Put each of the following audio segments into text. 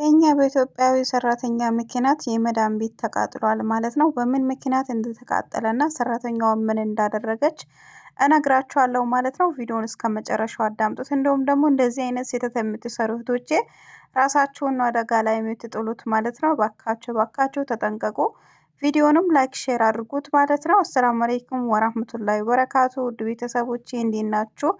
በእኛ በኢትዮጵያዊ ሰራተኛ ምክንያት የመዳም ቤት ተቃጥሏል ማለት ነው። በምን ምክንያት እንደተቃጠለ እና ሰራተኛዋ ምን እንዳደረገች እነግራችኋለሁ ማለት ነው። ቪዲዮውን እስከ መጨረሻው አዳምጡት። እንደውም ደግሞ እንደዚህ አይነት ስህተት የምትሰሩ እህቶቼ ራሳችሁን አደጋ ላይ የምትጥሉት ማለት ነው። ባካችሁ ባካችሁ ተጠንቀቁ። ቪዲዮንም ላይክ ሼር አድርጉት ማለት ነው። አሰላሙ አለይኩም ወራህመቱላሂ ወበረካቱ ውድ ቤተሰቦቼ እንዴት ናችሁ?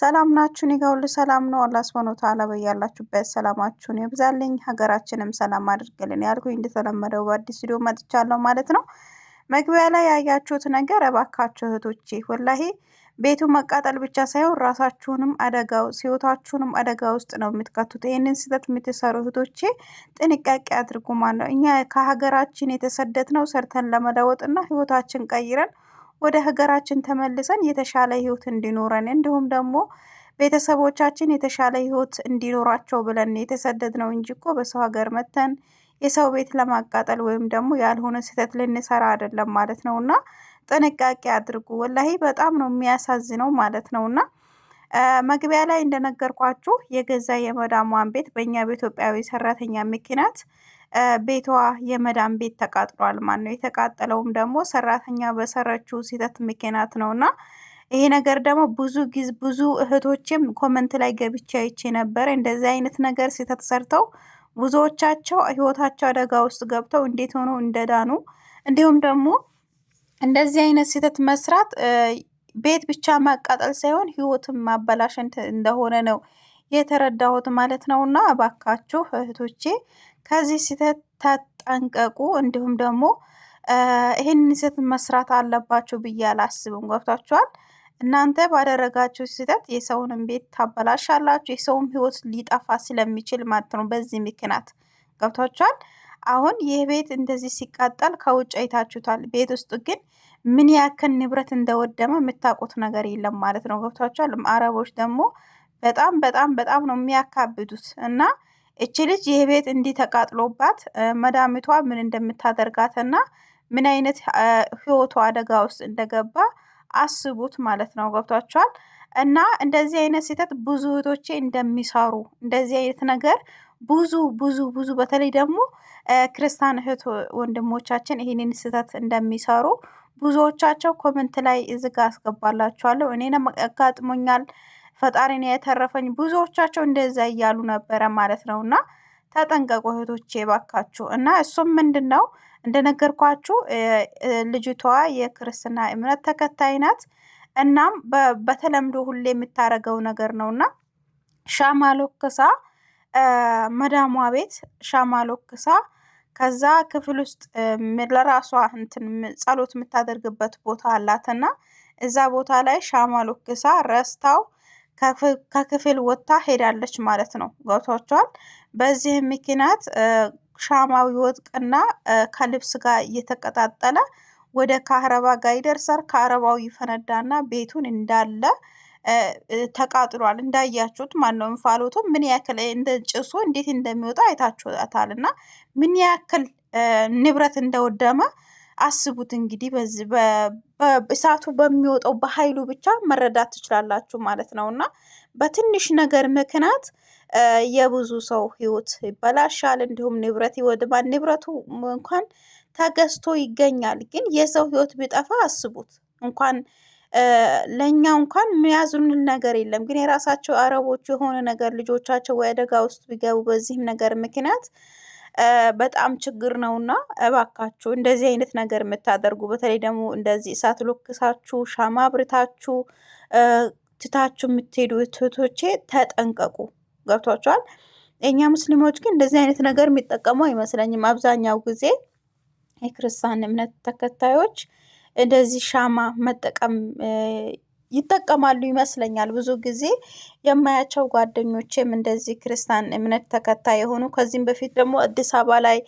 ሰላም ናችሁን? እኔ ሰላም ነው። አላህ ሱብሐነሁ ወተዓላ በያላችሁበት ሰላማችሁን ይብዛልኝ፣ ሀገራችንም ሰላም አድርግልን ያልኩኝ እንደተለመደው በአዲስ ቪዲዮ መጥቻለሁ ማለት ነው። መግቢያ ላይ ያያችሁት ነገር እባካችሁ እህቶቼ ወላሂ ቤቱ መቃጠል ብቻ ሳይሆን ራሳችሁንም አደጋው ውስጥ አደጋ ውስጥ ነው የምትከቱት። ይህንን ስህተት የምትሰሩ እህቶቼ ጥንቃቄ አድርጉ ማለት ነው። እኛ ከሀገራችን የተሰደት ነው ሰርተን ለመለወጥና ህይወታችን ቀይረን ወደ ሀገራችን ተመልሰን የተሻለ ህይወት እንዲኖረን እንዲሁም ደግሞ ቤተሰቦቻችን የተሻለ ህይወት እንዲኖራቸው ብለን ነው እንጂ እኮ በሰው ሀገር መተን የሰው ቤት ለማቃጠል ወይም ደግሞ ያልሆነ ስህተት ልንሰራ አይደለም ማለት ነው። እና ጥንቃቄ አድርጉ። ወላሂ በጣም ነው የሚያሳዝነው ማለት ነው። እና መግቢያ ላይ እንደነገርኳችሁ የገዛ የመዳሟን ቤት በእኛ በኢትዮጵያዊ ሰራተኛ ምክንያት ቤቷ የመዳን ቤት ተቃጥሏል ማለት ነው። የተቃጠለውም ደግሞ ሰራተኛ በሰረችው ስህተት ምክንያት ነው እና ይሄ ነገር ደግሞ ብዙ ጊዜ ብዙ እህቶችም ኮመንት ላይ ገብቼ አይቼ ነበር። እንደዚህ አይነት ነገር ስህተት ሰርተው ብዙዎቻቸው ህይወታቸው አደጋ ውስጥ ገብተው እንዴት ሆኖ እንደዳኑ እንዲሁም ደግሞ እንደዚህ አይነት ስህተት መስራት ቤት ብቻ ማቃጠል ሳይሆን ህይወትም ማበላሸት እንደሆነ ነው የተረዳሁት ማለት ነው። እና እባካችሁ እህቶቼ ከዚህ ስህተት ተጠንቀቁ። እንዲሁም ደግሞ ይህን ስህተት መስራት አለባችሁ ብዬ አላስብም። ገብቷችኋል? እናንተ ባደረጋችሁ ስህተት የሰውንም ቤት ታበላሻላችሁ፣ የሰውም ህይወት ሊጠፋ ስለሚችል ማለት ነው። በዚህ ምክንያት ገብቷችኋል? አሁን ይህ ቤት እንደዚህ ሲቃጠል ከውጭ አይታችሁታል። ቤት ውስጥ ግን ምን ያክል ንብረት እንደወደመ የምታውቁት ነገር የለም ማለት ነው። ገብቷችኋል? አረቦች ደግሞ በጣም በጣም በጣም ነው የሚያካብዱት እና እች ልጅ ይህ ቤት እንዲህ ተቃጥሎባት መዳምቷ ምን እንደምታደርጋት እና ምን አይነት ህይወቷ አደጋ ውስጥ እንደገባ አስቡት ማለት ነው። ገብቷቸዋል። እና እንደዚህ አይነት ስህተት ብዙ እህቶቼ እንደሚሰሩ እንደዚህ አይነት ነገር ብዙ ብዙ ብዙ በተለይ ደግሞ ክርስቲያን እህት ወንድሞቻችን ይህንን ስህተት እንደሚሰሩ ብዙዎቻቸው ኮመንት ላይ እዚህ ጋ አስገባላችኋለሁ። እኔንም አጋጥሞኛል። ፈጣሪን የተረፈኝ ብዙዎቻቸው እንደዛ እያሉ ነበረ ማለት ነው። እና ተጠንቀቁ እህቶቼ የባካችሁ እና እሱም ምንድን ነው እንደነገርኳችሁ ልጅቷ የክርስትና እምነት ተከታይ ናት። እናም በተለምዶ ሁሌ የምታደርገው ነገር ነው እና ሻማ ሎክሳ መዳሟ ቤት ሻማ ሎክሳ ከዛ ክፍል ውስጥ ለራሷ እንትን ጸሎት የምታደርግበት ቦታ አላትና እዛ ቦታ ላይ ሻማ ሎክሳ ረስታው ከክፍል ወጥታ ሄዳለች ማለት ነው። ገብቷቸዋል። በዚህ ምክንያት ሻማው ይወድቅና ከልብስ ጋር እየተቀጣጠለ ወደ ከአረባ ጋር ይደርሳል። ከአረባው ይፈነዳና ቤቱን እንዳለ ተቃጥሏል። እንዳያችሁት ማን ነው እንፋሎቱ ምን ያክል እንደ ጭሱ እንዴት እንደሚወጣ አይታችሁታል። እና ምን ያክል ንብረት እንደወደመ አስቡት እንግዲህ በዚህ እሳቱ በሚወጣው በኃይሉ ብቻ መረዳት ትችላላችሁ ማለት ነው። እና በትንሽ ነገር ምክንያት የብዙ ሰው ህይወት ይበላሻል፣ እንዲሁም ንብረት ይወድማል። ንብረቱ እንኳን ተገዝቶ ይገኛል፣ ግን የሰው ህይወት ቢጠፋ አስቡት። እንኳን ለእኛ እንኳን የሚያዝኑን ነገር የለም፣ ግን የራሳቸው አረቦች የሆነ ነገር ልጆቻቸው ወይ አደጋ ውስጥ ቢገቡ በዚህም ነገር ምክንያት በጣም ችግር ነውና እባካችሁ እንደዚህ አይነት ነገር የምታደርጉ በተለይ ደግሞ እንደዚህ እሳት ሎክሳችሁ ሻማ አብርታችሁ ትታችሁ የምትሄዱ እህቶቼ ተጠንቀቁ። ገብቷችኋል? እኛ ሙስሊሞች ግን እንደዚህ አይነት ነገር የሚጠቀሙ አይመስለኝም። አብዛኛው ጊዜ የክርስቲያን እምነት ተከታዮች እንደዚህ ሻማ መጠቀም ይጠቀማሉ ይመስለኛል። ብዙ ጊዜ የማያቸው ጓደኞቼም እንደዚህ ክርስቲያን እምነት ተከታይ የሆኑ ከዚህም በፊት ደግሞ አዲስ አበባ ላይ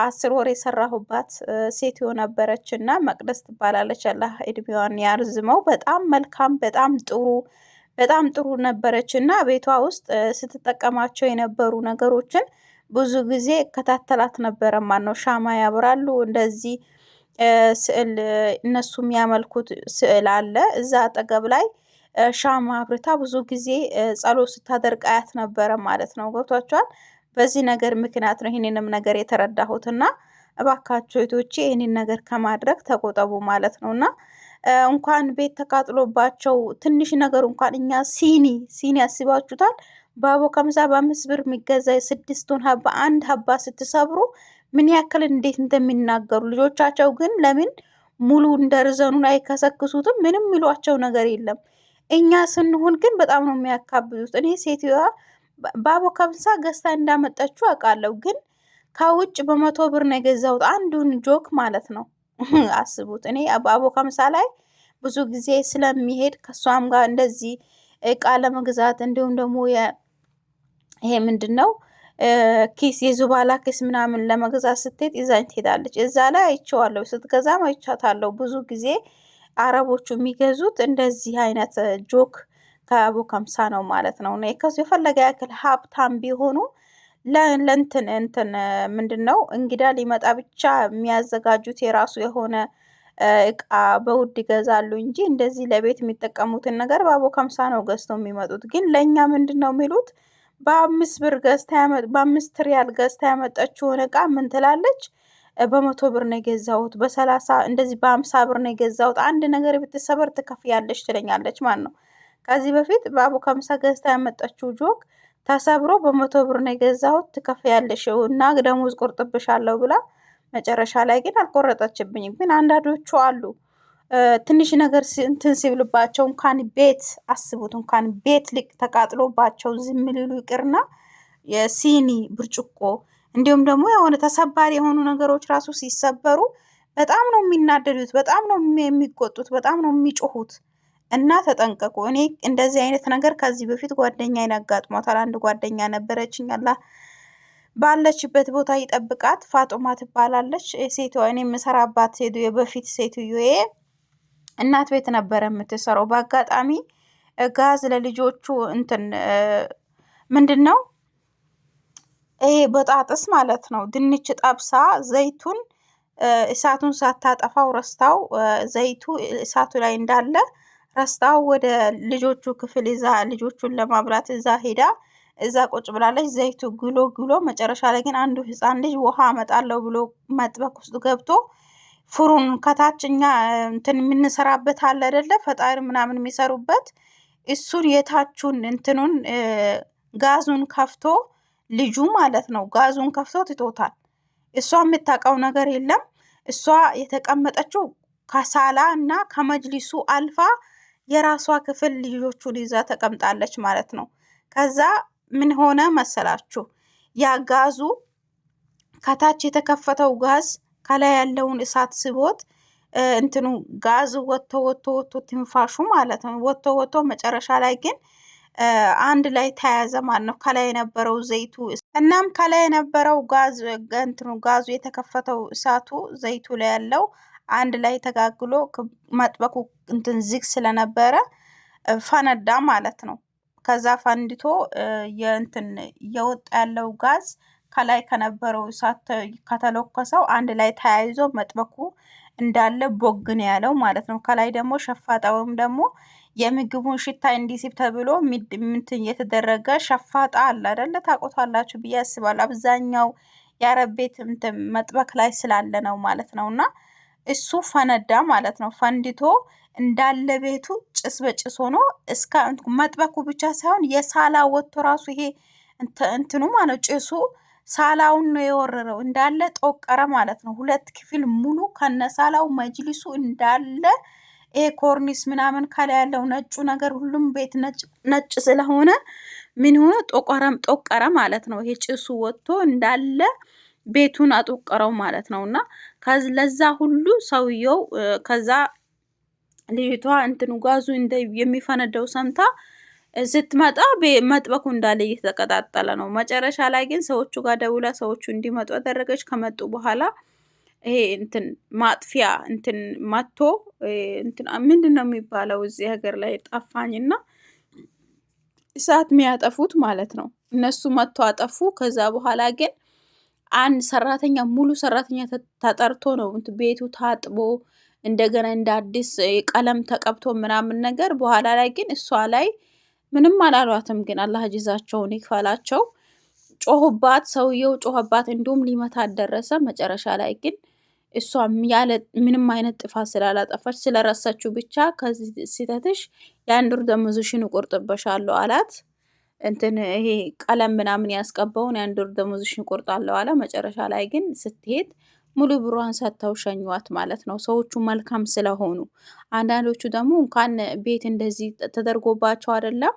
አስር ወር የሰራሁባት ሴትዮ ነበረች እና መቅደስ ትባላለች። አላህ እድሜዋን ያርዝመው። በጣም መልካም፣ በጣም ጥሩ በጣም ጥሩ ነበረች እና ቤቷ ውስጥ ስትጠቀማቸው የነበሩ ነገሮችን ብዙ ጊዜ እከታተላት ነበረ። ማን ነው ሻማ ያብራሉ እንደዚህ ስዕል እነሱ የሚያመልኩት ስዕል አለ። እዛ አጠገብ ላይ ሻማ አብርታ ብዙ ጊዜ ጸሎት ስታደርግ አያት ነበረ ማለት ነው። ገብቷቸዋል። በዚህ ነገር ምክንያት ነው ይህንንም ነገር የተረዳሁትና እባካቸው ቶቼ ይህንን ነገር ከማድረግ ተቆጠቡ ማለት ነው እና እንኳን ቤት ተቃጥሎባቸው ትንሽ ነገር እንኳን እኛ ሲኒ ሲኒ ያስባችሁታል። በአቦ ከምሳ በአምስት ብር የሚገዛ የስድስቱን ሀባ አንድ ሀባ ስትሰብሩ ምን ያክል እንዴት እንደሚናገሩ ልጆቻቸው ግን ለምን ሙሉ እንደርዘኑን አይከሰክሱትም? ምንም የሚሏቸው ነገር የለም። እኛ ስንሆን ግን በጣም ነው የሚያካብዱት። እኔ ሴትዮዋ በአቦ ከምሳ ገዝታ እንዳመጣችው አውቃለሁ፣ ግን ከውጭ በመቶ ብር ነው የገዛሁት አንዱን ጆክ ማለት ነው። አስቡት። እኔ በአቦ ከምሳ ላይ ብዙ ጊዜ ስለሚሄድ ከእሷም ጋር እንደዚህ እቃ ለመግዛት እንዲሁም ደግሞ ይሄ ምንድን ነው ኪስ የዙባላ ኪስ ምናምን ለመግዛት ስትሄድ ይዛኝ ትሄዳለች። እዛ ላይ አይቼዋለሁ፣ ስትገዛም አይቻታለሁ። ብዙ ጊዜ አረቦቹ የሚገዙት እንደዚህ አይነት ጆክ ከአቦ ከምሳ ነው ማለት ነው። ከሱ የፈለገ ያክል ሀብታም ቢሆኑ ለእንትን እንትን ምንድን ነው እንግዳ ሊመጣ ብቻ የሚያዘጋጁት የራሱ የሆነ እቃ በውድ ይገዛሉ እንጂ እንደዚህ ለቤት የሚጠቀሙትን ነገር በአቦ ከምሳ ነው ገዝተው የሚመጡት። ግን ለእኛ ምንድን ነው የሚሉት በአምስት ብር ገዝታ በአምስት ሪያል ገዝታ ያመጣችውን እቃ ምን ትላለች? በመቶ ብር ነው የገዛሁት፣ በሰላሳ እንደዚህ በአምሳ ብር ነው የገዛሁት፣ አንድ ነገር ብትሰበር ትከፍያለች ትለኛለች ማለት ነው። ከዚህ በፊት በአቡ ከምሳ ገዝታ ያመጣችው ጆክ ተሰብሮ በመቶ ብር ነው የገዛሁት ትከፍያለሽ እና ደሞዝ ቆርጥብሻለሁ ብላ መጨረሻ ላይ ግን አልቆረጠችብኝም። ግን አንዳንዶቹ አሉ ትንሽ ነገር እንትን ሲብልባቸው እንኳን ቤት አስቡት፣ እንኳን ቤት ልቅ ተቃጥሎባቸው ዝም ሊሉ ይቅርና የሲኒ ብርጭቆ፣ እንዲሁም ደግሞ የሆነ ተሰባሪ የሆኑ ነገሮች ራሱ ሲሰበሩ በጣም ነው የሚናደዱት፣ በጣም ነው የሚቆጡት፣ በጣም ነው የሚጮሁት። እና ተጠንቀቁ። እኔ እንደዚህ አይነት ነገር ከዚህ በፊት ጓደኛ ይነጋጥሟታል። አንድ ጓደኛ ነበረችኝ አላ ባለችበት ቦታ ይጠብቃት። ፋጡማ ትባላለች ሴትዮዋ። እኔ የምሰራባት ሴትዮ የበፊት ሴትዮዬ እናት ቤት ነበረ የምትሰራው። በአጋጣሚ ጋዝ ለልጆቹ እንትን ምንድን ነው ይሄ በጣጥስ ማለት ነው። ድንች ጠብሳ ዘይቱን እሳቱን ሳታጠፋው ረስታው ዘይቱ እሳቱ ላይ እንዳለ ረስታው ወደ ልጆቹ ክፍል ይዛ ልጆቹን ለማብላት እዛ ሄዳ እዛ ቁጭ ብላለች። ዘይቱ ግሎ ግሎ መጨረሻ ላይ ግን አንዱ ህፃን ልጅ ውሃ አመጣለሁ ብሎ መጥበቅ ውስጥ ገብቶ ፍሩን ከታች እኛ እንትን የምንሰራበት አለ አይደለ? ፈጣሪ ምናምን የሚሰሩበት እሱን የታቹን እንትኑን ጋዙን ከፍቶ ልጁ ማለት ነው ጋዙን ከፍቶ ትቶታል። እሷ የምታውቀው ነገር የለም። እሷ የተቀመጠችው ከሳላ እና ከመጅሊሱ አልፋ የራሷ ክፍል ልጆቹን ይዛ ተቀምጣለች ማለት ነው። ከዛ ምን ሆነ መሰላችሁ? ያ ጋዙ ከታች የተከፈተው ጋዝ ከላይ ያለውን እሳት ስቦት እንትኑ ጋዝ ወጥቶ ወጥቶ ወጥቶ ትንፋሹ ማለት ነው ወጥቶ ወጥቶ መጨረሻ ላይ ግን አንድ ላይ ተያያዘ ማለት ነው ከላይ የነበረው ዘይቱ። እናም ከላይ የነበረው ጋዝ እንትኑ ጋዙ የተከፈተው እሳቱ ዘይቱ ላይ ያለው አንድ ላይ ተጋግሎ መጥበኩ እንትን ዝግ ስለነበረ ፈነዳ ማለት ነው። ከዛ ፈንድቶ የእንትን እየወጣ ያለው ጋዝ ከላይ ከነበረው እሳት ከተለኮሰው አንድ ላይ ተያይዞ መጥበኩ እንዳለ ቦግን ያለው ማለት ነው። ከላይ ደግሞ ሸፋጣ ወይም ደግሞ የምግቡን ሽታ እንዲስብ ተብሎ ምንትን የተደረገ ሸፋጣ አለ አደለ? ታቆቷላችሁ ብዬ አስባለሁ። አብዛኛው የአረብ ቤት መጥበክ ላይ ስላለ ነው ማለት ነው። እና እሱ ፈነዳ ማለት ነው። ፈንድቶ እንዳለ ቤቱ ጭስ በጭስ ሆኖ እስከ መጥበኩ ብቻ ሳይሆን የሳላ ወጥቶ ራሱ ይሄ እንትኑ ማለት ጭሱ ሳላውን ነው የወረረው። እንዳለ ጦቀረ ማለት ነው። ሁለት ክፍል ሙሉ ከነሳላው መጅሊሱ እንዳለ ይሄ ኮርኒስ ምናምን ከላይ ያለው ነጩ ነገር ሁሉም ቤት ነጭ ስለሆነ ምን ሆኖ ጦቀረም ጦቀረ ማለት ነው። ይሄ ጭሱ ወጥቶ እንዳለ ቤቱን አጦቀረው ማለት ነው። እና ለዛ ሁሉ ሰውየው ከዛ ልጅቷ እንትኑ ጋዙ የሚፈነደው ሰምታ ስትመጣ መጥበቁ እንዳለ እየተቀጣጠለ ነው። መጨረሻ ላይ ግን ሰዎቹ ጋር ደውላ ሰዎቹ እንዲመጡ ያደረገች። ከመጡ በኋላ ይሄ እንትን ማጥፊያ እንትን መቶ እንትን ምንድን ነው የሚባለው እዚህ ሀገር ላይ እና እሳት የሚያጠፉት ማለት ነው። እነሱ መጥቶ አጠፉ። ከዛ በኋላ ግን አንድ ሰራተኛ ሙሉ ሰራተኛ ተጠርቶ ነው ቤቱ ታጥቦ እንደገና እንደ አዲስ ቀለም ተቀብቶ ምናምን ነገር በኋላ ላይ ግን እሷ ላይ ምንም አላሏትም። ግን አላህ ጅዛቸውን ይክፈላቸው። ጮሁባት፣ ሰውየው ጮሁባት፣ እንዲሁም ሊመታ ደረሰ። መጨረሻ ላይ ግን እሷም ያለ ምንም አይነት ጥፋት ስላላጠፋች ስለረሳችው ብቻ ከዚህ ስህተትሽ የአንድ ወር ደሞዝሽን እቆርጥብሻለሁ አላት። እንትን ይሄ ቀለም ምናምን ያስቀባውን የአንድ ወር ደሞዝሽን እቆርጣለሁ አለ። መጨረሻ ላይ ግን ስትሄድ ሙሉ ብሯን ሰጥተው ሸኟት ማለት ነው። ሰዎቹ መልካም ስለሆኑ አንዳንዶቹ ደግሞ እንኳን ቤት እንደዚህ ተደርጎባቸው አይደለም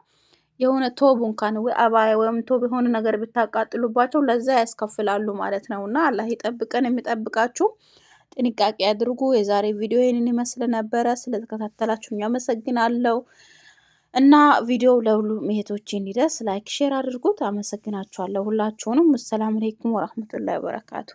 የሆነ ቶብ እንኳን አባያ ወይም ቶብ የሆነ ነገር ብታቃጥሉባቸው ለዛ ያስከፍላሉ ማለት ነው። እና አላህ ይጠብቀን፣ የሚጠብቃችሁ ጥንቃቄ አድርጉ። የዛሬ ቪዲዮ ይህንን ይመስል ነበረ። ስለተከታተላችሁ አመሰግናለሁ። እና ቪዲዮው ለሁሉ እህቶቼ እንዲደርስ ላይክ፣ ሼር አድርጉት። አመሰግናችኋለሁ ሁላችሁንም። አሰላሙ አለይኩም ወራህመቱላሂ ወበረካቱ